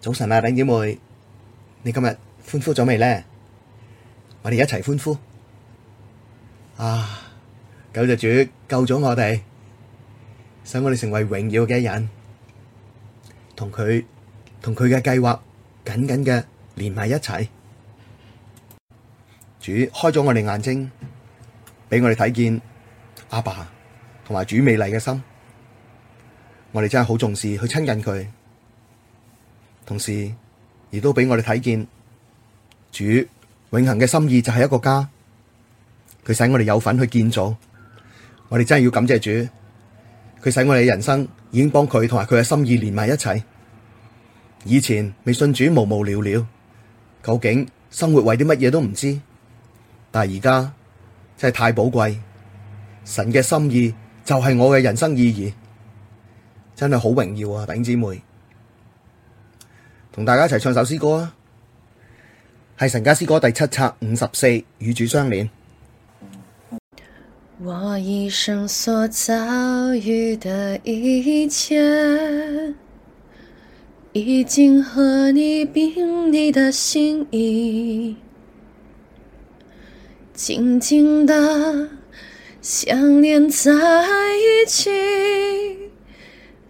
早晨啊，林姐妹，你今日歡呼咗未呢？我哋一齊歡呼啊！感謝主救咗我哋，使我哋成為榮耀嘅人，同佢同佢嘅計劃緊緊嘅連埋一齊。主開咗我哋眼睛，畀我哋睇見阿爸同埋主美麗嘅心，我哋真係好重視去親近佢。同時，亦都俾我哋睇見主永恆嘅心意就係一個家，佢使我哋有份去建造，我哋真係要感謝主，佢使我哋嘅人生已經幫佢同埋佢嘅心意連埋一齊。以前未信主，無無聊聊，究竟生活為啲乜嘢都唔知，但係而家真係太寶貴，神嘅心意就係我嘅人生意義，真係好榮耀啊，弟兄姊妹。同大家一齊唱首詩歌啊，係《神家詩歌》第七冊五十四，與主相連。我一生所遭遇的一切，已經和你並你的心意，緊緊的相連在一起。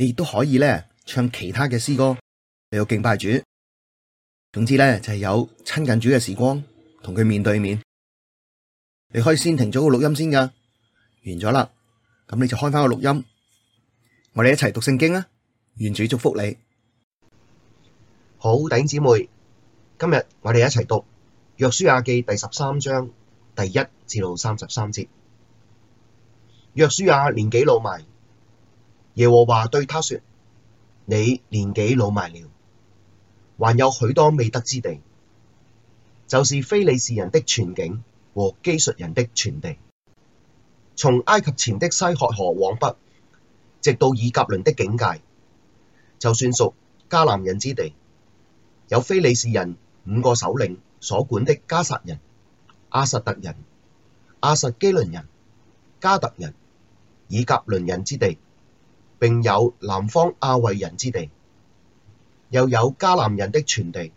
你亦都可以咧唱其他嘅詩歌，你有敬拜主，總之咧就係有親近主嘅時光，同佢面對面。你可以先停咗個錄音先噶完咗啦，咁你就開翻個錄音，我哋一齊讀聖經啊！願主祝福你。好，弟兄姊妹，今日我哋一齊讀約書亞記第十三章第一至到三十三節。約書亞年紀老邁，耶和華對他說：你年紀老邁了，還有許多未得之地，就是非利士人的全境和基述人的全地，從埃及前的西曷河往北，直到以革倫的境界，就算屬迦南人之地，有非利士人五個首領所管的迦薩人、亞實突人、亞實基倫人、迦特人、以革倫人之地。並有南方亞衛人之地，又有迦南人的全地，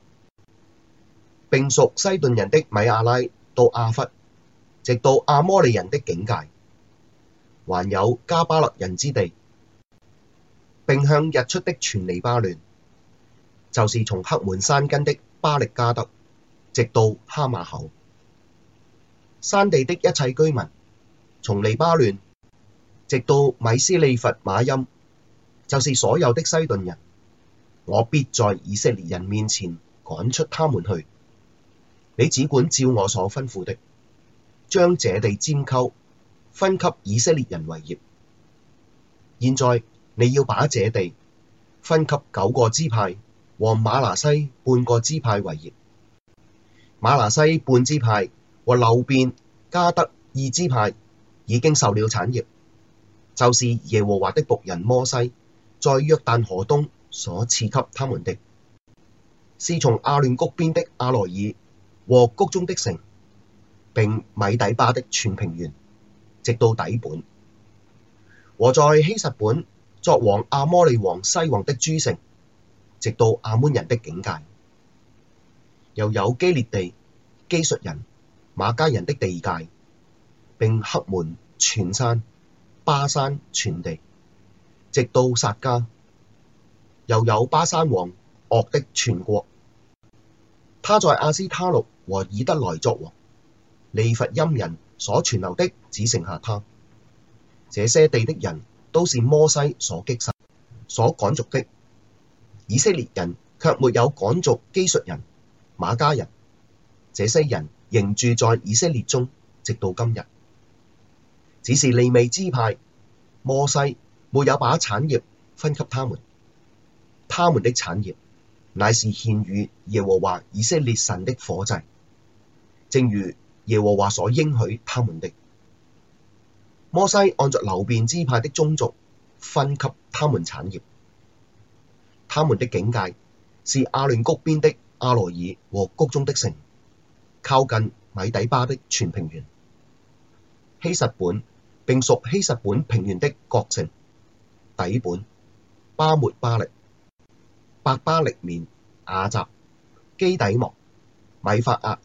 並屬西頓人的米亞拉到亞弗，直到亞摩利人的境界，還有迦巴勒人之地，並向日出的全利巴嫩，就是從黑門山根的巴力迦得，直到哈馬口，山地的一切居民，從利巴嫩。直到米斯利弗瑪音，就是所有的西頓人，我必在以色列人面前趕出他們去。你只管照我所吩咐的，將這地拈鬮分給以色列人為業。現在你要把這地分給九個支派和瑪拿西半個支派為業。瑪拿西半支派和流便、迦得二支派已經受了產業。就是耶和華的僕人摩西在約但河東所賜給他們的，是從亞嫩谷邊的亞羅珥和谷中的城，並米底巴的全平原，直到底本，和在希實本作王亞摩利王西宏的諸城，直到亞捫人的境界，又有基列地、基述人、瑪迦人的地界，並黑門全山。巴珊全地，直到撒迦，又有巴珊王噩的全國，他在亞斯她錄和以得來作王，利乏音人所存留的只剩下他，這些地的人都是摩西所擊殺、所趕逐的，以色列人卻沒有趕逐基述人、瑪迦人，這些人仍住在以色列中，直到今日。只是利未支派，摩西沒有把產業分給他們，他們的產業乃是獻與耶和華以色列神的火祭，正如耶和華所應許他們的。摩西按着流便支派的宗族分給他們產業，他們的境界是亞嫩谷邊的亞羅珥和谷中的城，靠近米底巴的全平原，希實本。並屬希實本平原的國城，底本、巴末巴力、伯巴力勉、雅雜、基底莫、米法押、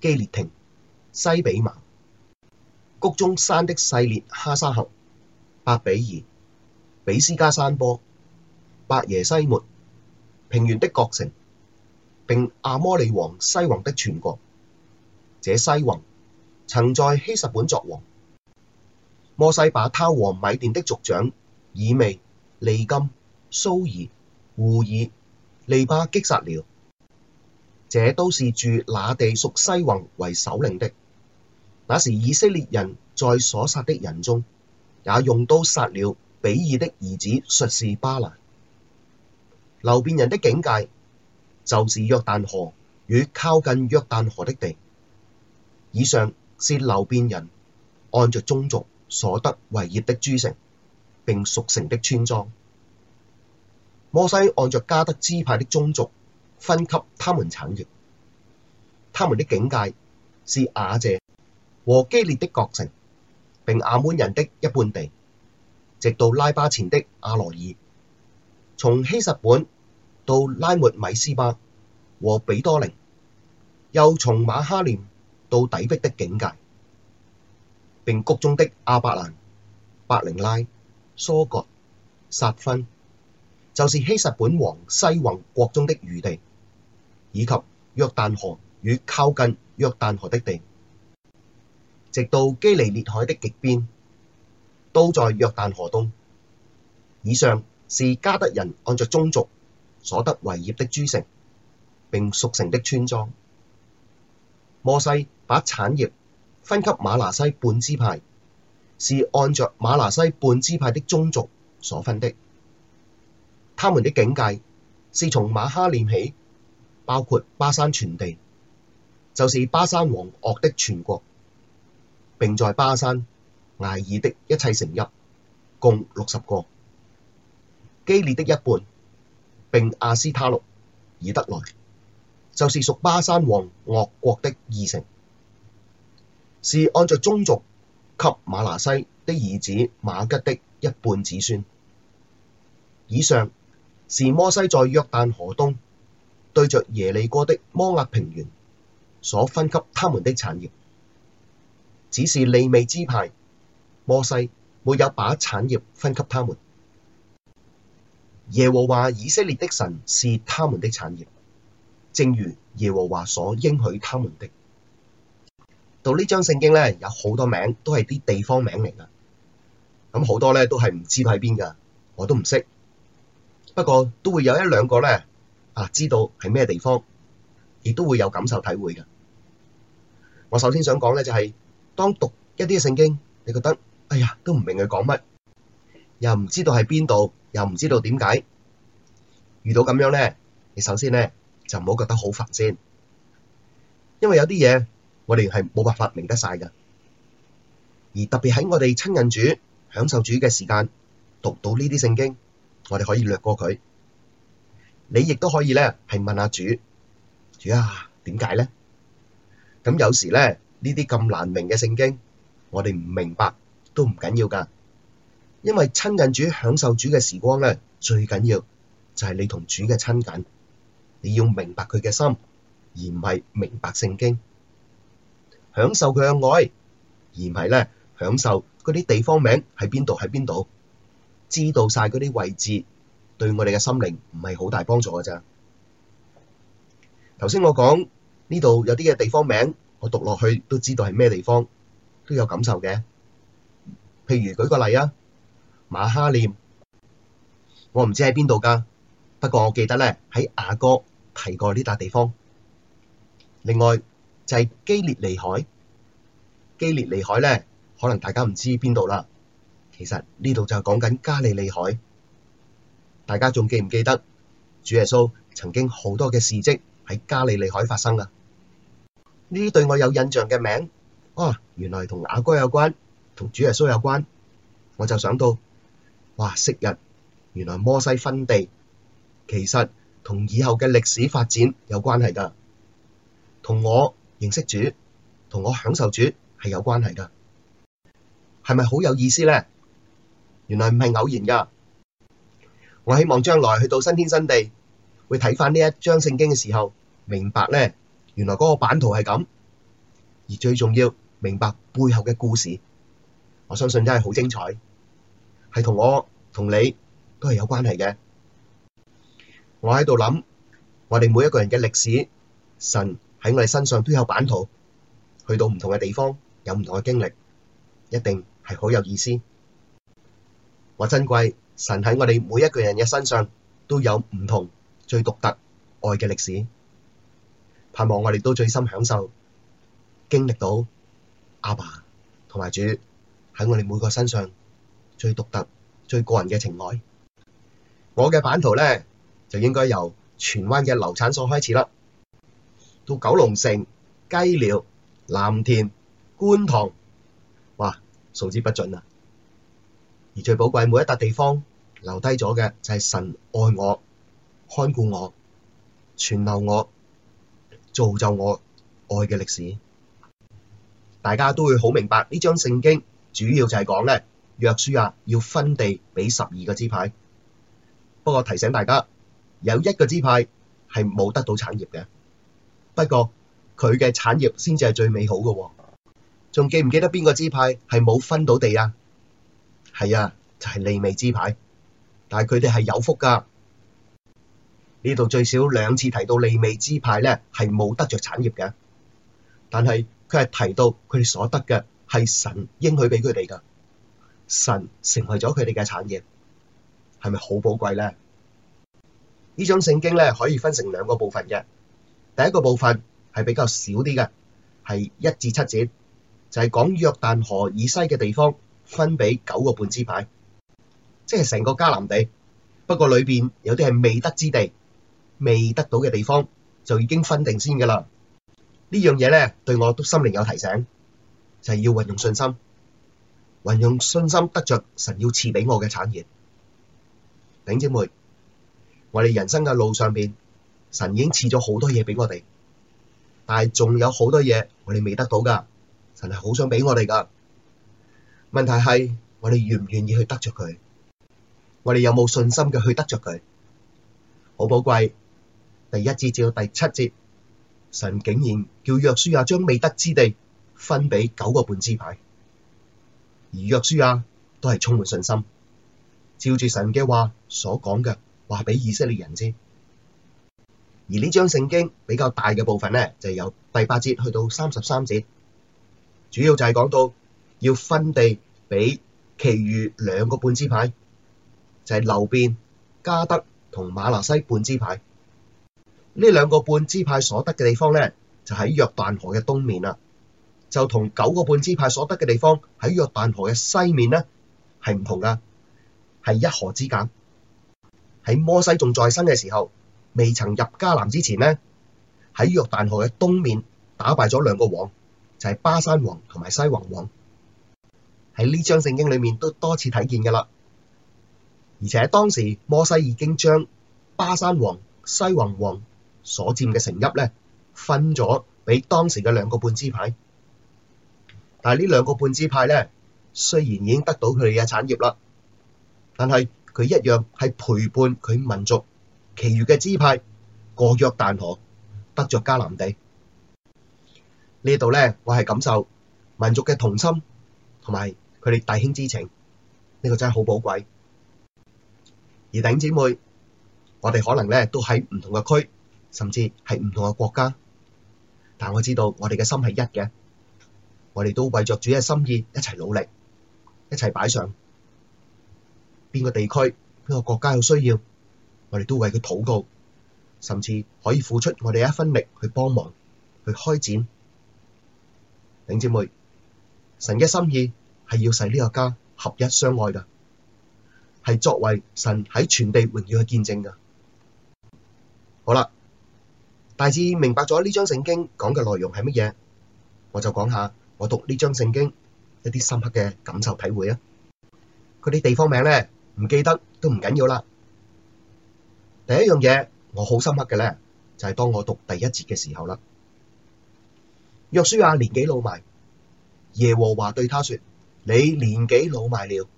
基列亭、西比瑪、谷中山的細列哈沙轄、伯毘珥、毘斯迦山坡、伯耶西末，平原的國城，並亞摩利王西宏的全國。這西宏曾在希實本作王，摩西把他和米甸的族長以未、利金、蘇珥、戶珥、利巴擊殺了。這都是住那地屬西宏為首領的。那時以色列人在所殺的人中，也用刀殺了比珥的兒子術士巴蘭。流便人的境界就是約旦河與靠近約旦河的地。以上是流便人按着宗族。所得為業的諸城，並屬城的村莊。摩西按照迦得支派的宗族分給他們產業，他們的境界是雅謝和基列的各城，並亞捫人的一半地，直到拉巴前的亞羅珥。從希實本到拉抹米斯巴和比多寧，又從瑪哈念到底璧的境界。並谷中的阿伯蘭、百靈拉、蘇國、撒芬，就是希實本王西宏國中的餘地，以及約旦河與靠近約旦河的地，直到基尼裂海的極邊，都在約旦河東。以上是加德人按照宗族所得為業的諸城，並屬城的村莊。摩西把產業。分給瑪拿西半支派，是按著瑪拿西半支派的宗族所分的。他們的境界是從瑪哈念起，包括巴珊全地，就是巴珊王噩的全國。並在巴珊、睚珥的一切城邑，共六十個。基列的一半，並亞斯她錄、以得來，就是屬巴珊王噩國的二城。是按著宗族，給馬拿西的兒子馬吉的一半子孫。以上是摩西在約旦河東，對着耶利哥的摩押平原所分給他們的產業。只是利未支派，摩西沒有把產業分給他們。耶和華以色列的神是他們的產業，正如耶和華所應許他們的。到呢張聖經咧，有好多名都係啲地方名嚟噶，咁好多咧都係唔知喺邊噶，我都唔識。不過都會有一兩個咧啊，知道係咩地方，亦都會有感受體會噶。我首先想講咧，就係、是、當讀一啲嘅聖經，你覺得哎呀都唔明佢講乜，又唔知道喺邊度，又唔知道點解，遇到咁樣咧，你首先咧就唔好覺得好煩先，因為有啲嘢。我哋係冇辦法明得晒噶，而特別喺我哋親近主、享受主嘅時間，讀到呢啲聖經，我哋可以略過佢。你亦都可以咧，係問下主，主啊，點解咧？咁有時咧，呢啲咁難明嘅聖經，我哋唔明白都唔緊要噶，因為親近主、享受主嘅時光咧，最緊要就係你同主嘅親近。你要明白佢嘅心，而唔係明白聖經。享受佢嘅愛，而唔係咧，享受嗰啲地方名喺邊度、喺邊度，知道晒嗰啲位置，對我哋嘅心靈唔係好大幫助嘅咋。頭先我講呢度有啲嘅地方名，我讀落去都知道係咩地方，都有感受嘅。譬如舉個例啊，瑪哈念，我唔知喺邊度㗎，不過我記得咧喺雅各提過呢笪地方。另外。就係基尼烈海，基尼烈海呢，可能大家唔知邊度啦。其實呢度就係講緊加利利海，大家仲記唔記得主耶穌曾經好多嘅事蹟喺加利利海發生啊？呢啲對我有印象嘅名啊，原來同亞哥有關，同主耶穌有關，我就想到哇！昔日原來摩西分地，其實同以後嘅歷史發展有關係㗎，同我。認識主同我享受主係有關係噶係咪好有意思呢？原來唔係偶然噶。我希望將來去到新天新地，會睇翻呢一章聖經嘅時候，明白呢，原來嗰個版圖係咁，而最重要明白背後嘅故事。我相信真係好精彩，係同我同你都係有關係嘅。我喺度諗，我哋每一個人嘅歷史，神。喺我哋身上都有版圖，去到唔同嘅地方有唔同嘅經歷，一定係好有意思。我珍貴神喺我哋每一個人嘅身上都有唔同最獨特愛嘅歷史，盼望我哋都最深享受，經歷到阿爸同埋主喺我哋每個身上最獨特最個人嘅情愛。我嘅版圖咧就應該由荃灣嘅留產所開始啦。到九龍城、雞寮、藍田、觀塘，哇，數之不盡啊！而最寶貴，每一笪地方留低咗嘅就係神愛我、看顧我、存留我、造就我愛嘅歷史。大家都會好明白呢章聖經主要就係講咧，約書亞要分地俾十二個支派。不過提醒大家，有一個支派係冇得到產業嘅。不過佢嘅產業先至係最美好嘅。啊，仲記唔記得邊個支派係冇分到地啊？係啊，就係、是、利未支派，但係佢哋係有福噶。呢度最少兩次提到利未支派咧，係冇得着產業嘅，但係佢係提到佢哋所得嘅係神應許俾佢哋噶，神成為咗佢哋嘅產業，係咪好寶貴咧？呢種聖經咧可以分成兩個部分嘅。第一個部分係比較少啲嘅，係一至七節，就係講約旦河以西嘅地方分俾九個半支派，即係成個迦南地。不過裏邊有啲係未得之地，未得到嘅地方就已經分定先噶啦。呢樣嘢咧對我都心靈有提醒，就係要運用信心，運用信心得着神要賜俾我嘅產業。弟兄姊妹，我哋人生嘅路上邊。神已經賜咗好多嘢畀我哋，但係仲有好多嘢我哋未得到噶，神係好想畀我哋噶。問題係我哋願唔願意去得着佢，我哋有冇信心嘅去得着佢？好寶貴，第一節至到第七節，神竟然叫約書亞將未得之地分俾九個半支派，而約書亞都係充滿信心，照住神嘅話所講嘅話俾以色列人知。而呢張聖經比較大嘅部分呢，就由第八節去到三十三節，主要就係講到要分地俾其餘兩個半支派，就係、是、流便、迦得同瑪拿西半支派。呢兩個半支派所得嘅地方呢，就喺約旦河嘅東面啦，就同九個半支派所得嘅地方喺約旦河嘅西面呢，係唔同㗎，係一河之間。喺摩西仲在生嘅時候，未曾入迦南之前呢，喺約旦河嘅東面打敗咗兩個王，就係巴山王同埋西宏王。喺呢張聖經裏面都多次睇見噶啦。而且當時摩西已經將巴山王、西宏王所佔嘅城邑呢，分咗俾當時嘅兩個半支派。但係呢兩個半支派呢，雖然已經得到佢哋嘅產業啦，但係佢一樣係陪伴佢民族其餘嘅支派，過約但河，得着迦南地。呢度咧，我係感受民族嘅同心，同埋佢哋弟兄之情，呢、呢個真係好寶貴。而弟兄姊妹，我哋可能咧都喺唔同嘅區，甚至係唔同嘅國家，但我知道我哋嘅心係一嘅，我哋都為着主嘅心意一齊努力，一齊擺上邊個地區、邊個國家有需要。我哋都為佢禱告，甚至可以付出我哋一分力去幫忙、去開展。弟兄姐妹，神嘅心意係要使呢個家合一相愛噶，係作為神喺全地榮耀去見證噶。好啦，大致明白咗呢章聖經講嘅內容係乜嘢，我就講下我讀呢章聖經一啲深刻嘅感受體會啊。嗰啲地方名咧唔記得都唔緊要啦。第一樣嘢，我好深刻嘅咧，就係、是、當我讀第一節嘅時候啦。約書亞、啊、年紀老邁，耶和華對他說：你年紀老邁了，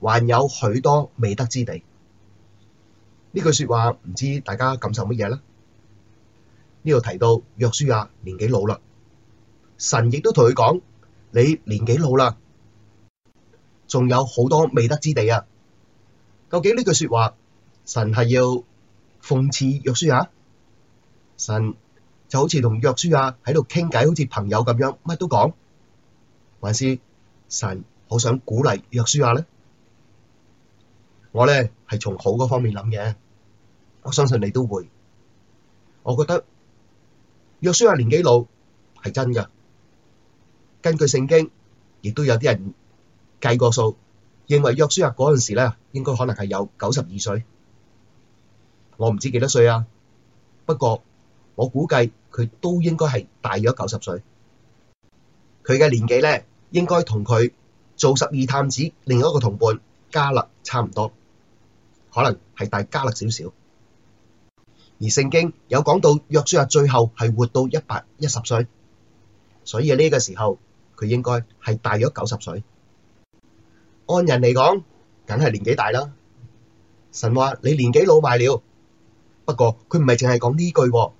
還有許多未得之地。呢句說話唔知大家感受乜嘢呢？呢度提到約書亞、啊、年紀老啦，神亦都同佢講：你年紀老啦，仲有好多未得之地啊！究竟呢句說話？神係要諷刺約書亞，神就好似同約書亞喺度傾偈，好似朋友咁樣，乜都講。還是神好想鼓勵約書亞呢？我咧係從好嗰方面諗嘅，我相信你都會。我覺得約書亞年紀老係真嘅，根據聖經，亦都有啲人計過數，認為約書亞嗰陣時咧應該可能係有九十二歲。我唔知幾多歲啊，不過我估計佢都應該係大約九十歲。佢嘅年紀咧，應該同佢做十二探子另外一個同伴加勒差唔多，可能係大加勒少少。而聖經有講到，約書亞最後係活到一百一十歲，所以呢個時候佢應該係大約九十歲。按人嚟講，梗係年紀大啦。神話你年紀老邁了。不過佢唔係淨係講呢句喎，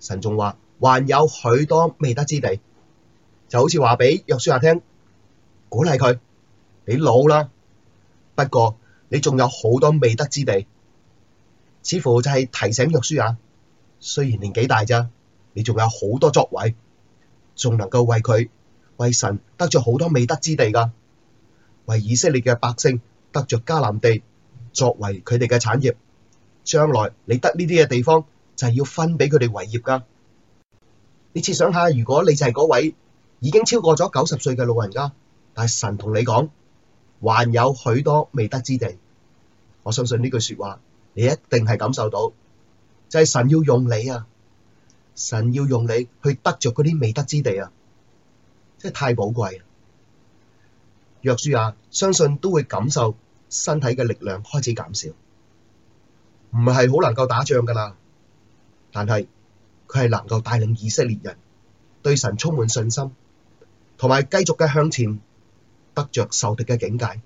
神仲話，還有許多未得之地，就好似話俾約書亞聽，鼓勵佢：你老啦，不過你仲有好多未得之地。似乎就係提醒約書亞，雖然年紀大咋，你仲有好多作為，仲能夠為佢、為神得著好多未得之地㗎，為以色列嘅百姓得着迦南地作為佢哋嘅產業。將來你得呢啲嘅地方，就係要分俾佢哋為業噶。你設想下，如果你就係嗰位已經超過咗九十歲嘅老人家，但係神同你講，還有許多未得之地。我相信呢句說話，你一定係感受到，就係、是、神要用你啊，神要用你去得着嗰啲未得之地啊，真係太寶貴。約書亞相信都會感受身體嘅力量開始減少。唔係好能夠打仗噶啦，但係佢係能夠帶領以色列人對神充滿信心，同埋繼續嘅向前得着受敵嘅境界。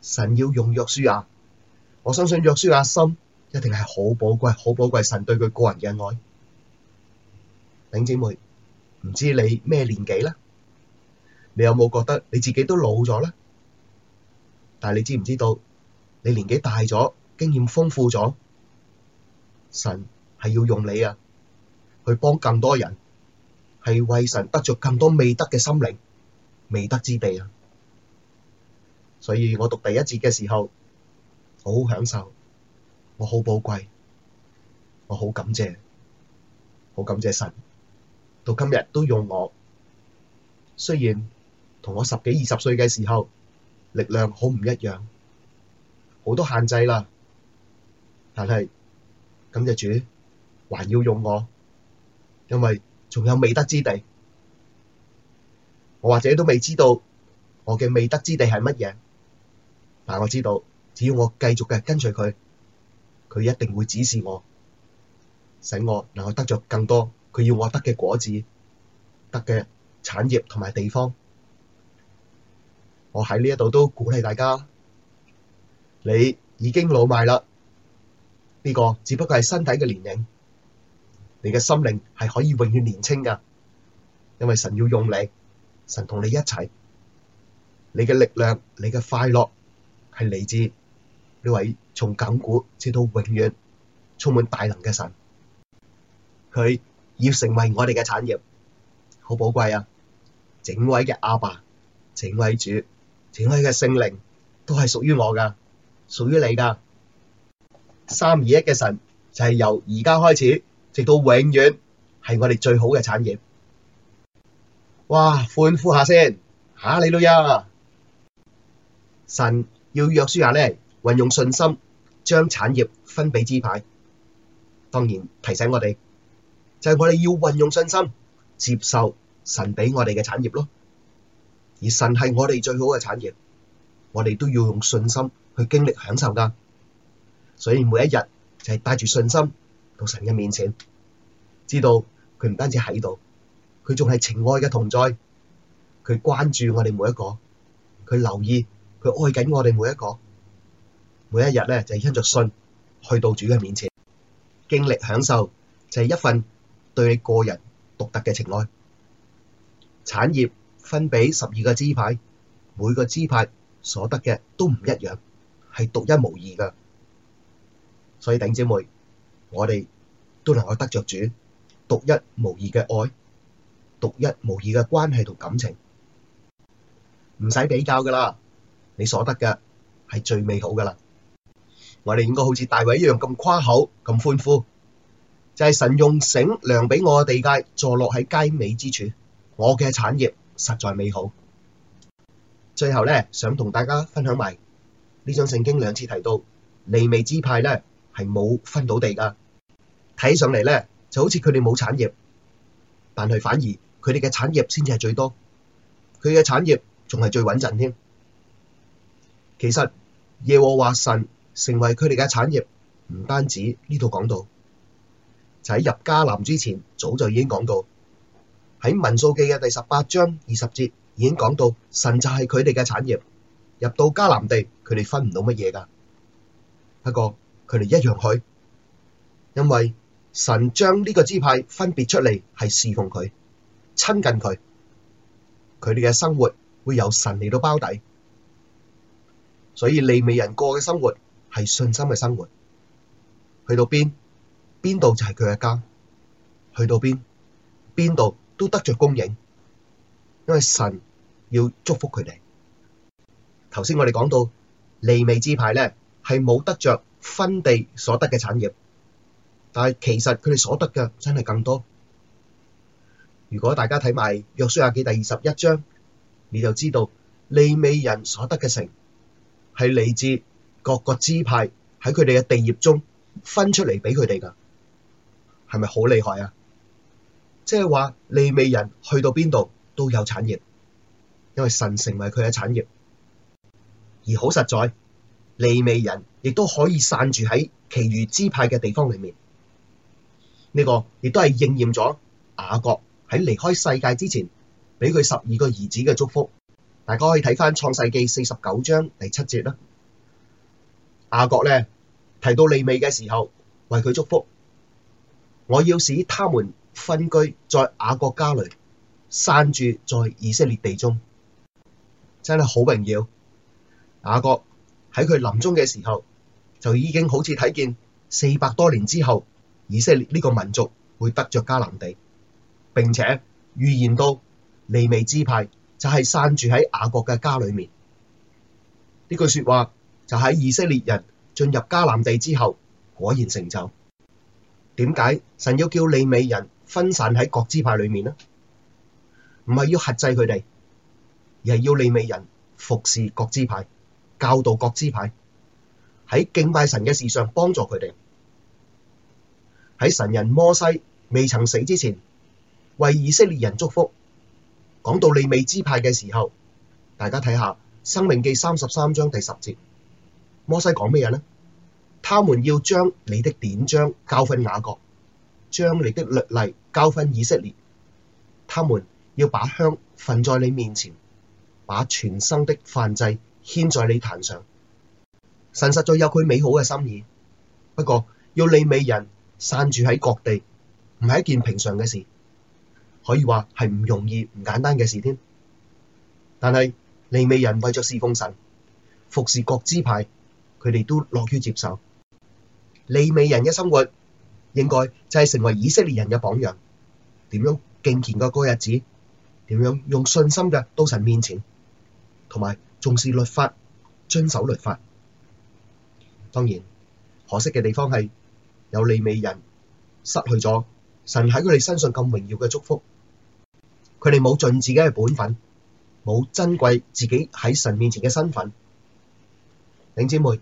神要用約書亞啊，我相信約書亞啊，心一定係好寶貴，好寶貴神對佢個人嘅愛。領姐妹，唔知你咩年紀啦？你有冇覺得你自己都老咗啦？但係你知唔知道你年紀大咗？經驗豐富咗，神係要用你啊，去幫更多人，係為神得着更多未得嘅心靈、未得之地啊。所以我讀第一節嘅時候，我好享受，我好寶貴，我好感謝，好感謝神，到今日都用我。雖然同我十幾二十歲嘅時候力量好唔一樣，好多限制啦。但係咁嘅主，還要用我，因為仲有未得之地。我或者都未知道我嘅未得之地係乜嘢，但我知道，只要我繼續嘅跟隨佢，佢一定會指示我，使我能夠得著更多佢要我得嘅果子，得嘅產業同埋地方。我喺呢一度都鼓勵大家，你已經老邁啦。呢個只不過係身體嘅年齡，你嘅心靈係可以永遠年輕噶，因為神要用你，神同你一齊，你嘅力量、你嘅快樂係嚟自呢位從亙古直到永遠充滿大能嘅神，佢要成為我哋嘅產業，好寶貴啊！整位嘅阿爸、整位主、整位嘅聖靈都係屬於我噶，屬於你噶。三二一嘅神就係、是、由而家開始，直到永遠係我哋最好嘅產業。哇！歡呼下先吓，你都友，神要約書亞咧，運用信心將產業分俾支派。當然提醒我哋，就係、是、我哋要運用信心接受神俾我哋嘅產業咯。而神係我哋最好嘅產業，我哋都要用信心去經歷享受噶。所以每一日就係帶住信心到神嘅面前，知道佢唔單止喺度，佢仲係情愛嘅同在，佢關注我哋每一個，佢留意佢愛緊我哋每一個。每一日咧就係因着信去到主嘅面前，經歷享受就係一份對你個人獨特嘅情愛。產業分俾十二個支派，每個支派所得嘅都唔一樣，係獨一無二㗎。所以頂姐妹，我哋都能夠得著主獨一無二嘅愛，獨一無二嘅關係同感情，唔使比較噶啦。你所得嘅係最美好噶啦。我哋應該好似大衛一樣咁誇口咁歡呼，就係神用繩量俾我嘅地界，坐落喺佳美之處，我嘅產業實在美好。最後咧，想同大家分享埋呢章聖經兩次提到利未支派咧。係冇分到地噶，睇上嚟咧，就好似佢哋冇產業，但係反而佢哋嘅產業先至係最多，佢嘅產業仲係最穩陣添。其實耶和華神成為佢哋嘅產業，唔單止呢度講到，就喺入迦南之前早就已經講到，喺民數記嘅第十八章二十節已經講到，神就係佢哋嘅產業。入到迦南地，佢哋分唔到乜嘢噶。不過。佢哋一樣去，因為神將呢個支派分別出嚟，係侍奉佢、親近佢。佢哋嘅生活會由神嚟到包底，所以利未人過嘅生活係信心嘅生活。去到邊，邊度就係佢嘅家，去到邊，邊度都得着供應，因為神要祝福佢哋。頭先我哋講到利未支派咧，係冇得着分地所得嘅產業，但係其實佢哋所得嘅真係更多。如果大家睇埋《約書亞記》第二十一章，你就知道利未人所得嘅城係嚟自各個支派喺佢哋嘅地業中分出嚟俾佢哋㗎，係咪好厲害啊？即係話利未人去到邊度都有產業，因為神成為佢嘅產業，而好實在。利未人亦都可以散住喺其餘支派嘅地方裏面，呢個亦都係應驗咗雅各喺離開世界之前俾佢十二個兒子嘅祝福。大家可以睇翻創世記四十九章第七節啦。雅各咧，提到利未嘅時候，為佢祝福，我要使他們分居在雅各家裏，散住在以色列地中，真係好榮耀，雅各。喺佢臨終嘅時候，就已經好似睇見四百多年之後，以色列呢個民族會得着迦南地，並且預言到利未支派就係散住喺雅各嘅家裏面。呢句說話就喺以色列人進入迦南地之後，果然成就。點解神要叫利未人分散喺各支派裏面呢？唔係要克制佢哋，而係要利未人服侍各支派。教導各支派喺敬拜神嘅事上幫助佢哋，喺神人摩西未曾死之前為以色列人祝福。講到利未支派嘅時候，大家睇下《申命記》三十三章第十節，摩西講咩嘢呢？「他們要將你的典章交分雅各，將你的律例交分以色列。他們要把香焚在你面前，把全牲的燔祭。牽在你壇上。神實在有佢美好嘅心意。不過要利未人散住喺各地，唔係一件平常嘅事，可以話係唔容易，唔簡單嘅事添。但係利未人為咗侍奉神，服侍各支派，佢哋都樂於接受利未人嘅生活，應該就係成為以色列人嘅榜樣。點樣敬虔嘅過日子？點樣用信心嘅到神面前？同埋。重視律法、遵守律法。當然可惜嘅地方係有利未人失去咗神喺佢哋身上咁榮耀嘅祝福。佢哋冇盡自己嘅本分，冇珍貴自己喺神面前嘅身份。領姊妹，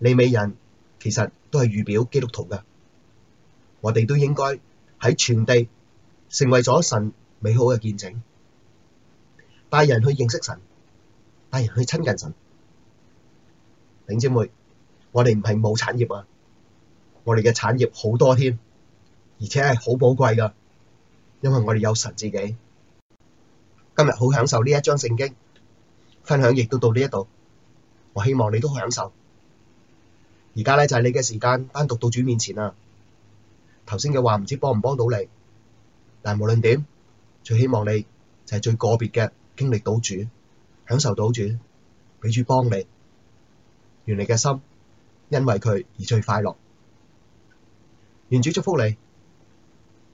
利未人其實都係預表基督徒噶。我哋都應該喺全地成為咗神美好嘅見證，帶人去認識神。帶人去親近神，弟兄姊妹，我哋唔係冇產業啊，我哋嘅產業好多添，而且係好寶貴噶，因為我哋有神自己。今日好享受呢一章聖經分享，亦都到呢一度，我希望你都好享受。而家咧就係、是、你嘅時間，單獨到主面前啊！頭先嘅話唔知幫唔幫到你，但無論點，最希望你就係最個別嘅經歷到主。享受到主，畀主幫你，願你嘅心因為佢而最快樂，願主祝福你。